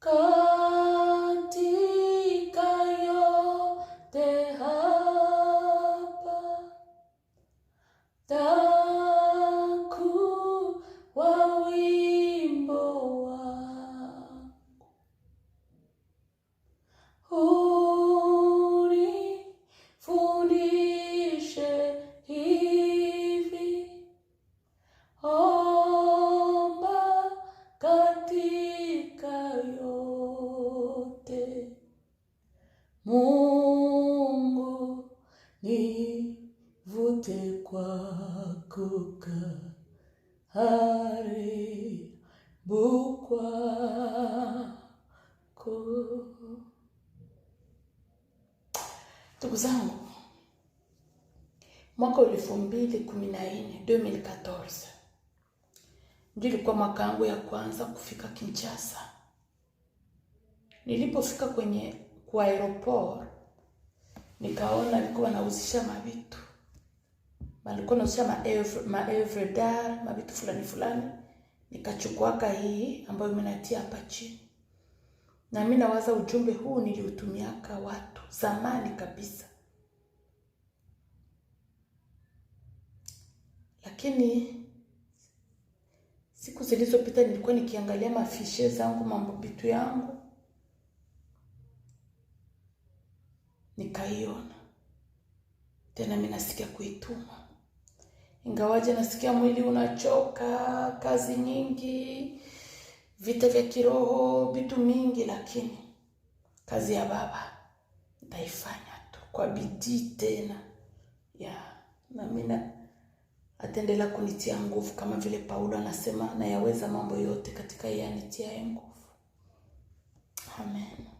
katika takuwa Mungu nivute kwako karibu kwako. Ndugu zangu, mwaka elfu mbili kumi na nne 2014 ndio ilikuwa mwaka wangu ya kwanza kufika Kinshasa. Nilipofika kwenye kwa aeroport, nikaona alikuwa anahusisha mavitu alikuwa anahusisha maevredar ma mavitu fulani fulani, nikachukuaka hii ambayo imenatia hapa chini, na mimi nawaza ujumbe huu niliutumiaka watu zamani kabisa, lakini siku zilizopita nilikuwa nikiangalia mafishe zangu mambo bitu yangu nikaiona tena, mimi nasikia kuituma, ingawaje nasikia mwili unachoka, kazi nyingi, vita vya kiroho, vitu mingi, lakini kazi ya Baba nitaifanya tu kwa bidii tena ya namina ataendelea kunitia nguvu kama vile Paulo anasema nayaweza mambo yote katika yeye anitiaye nguvu. Amen.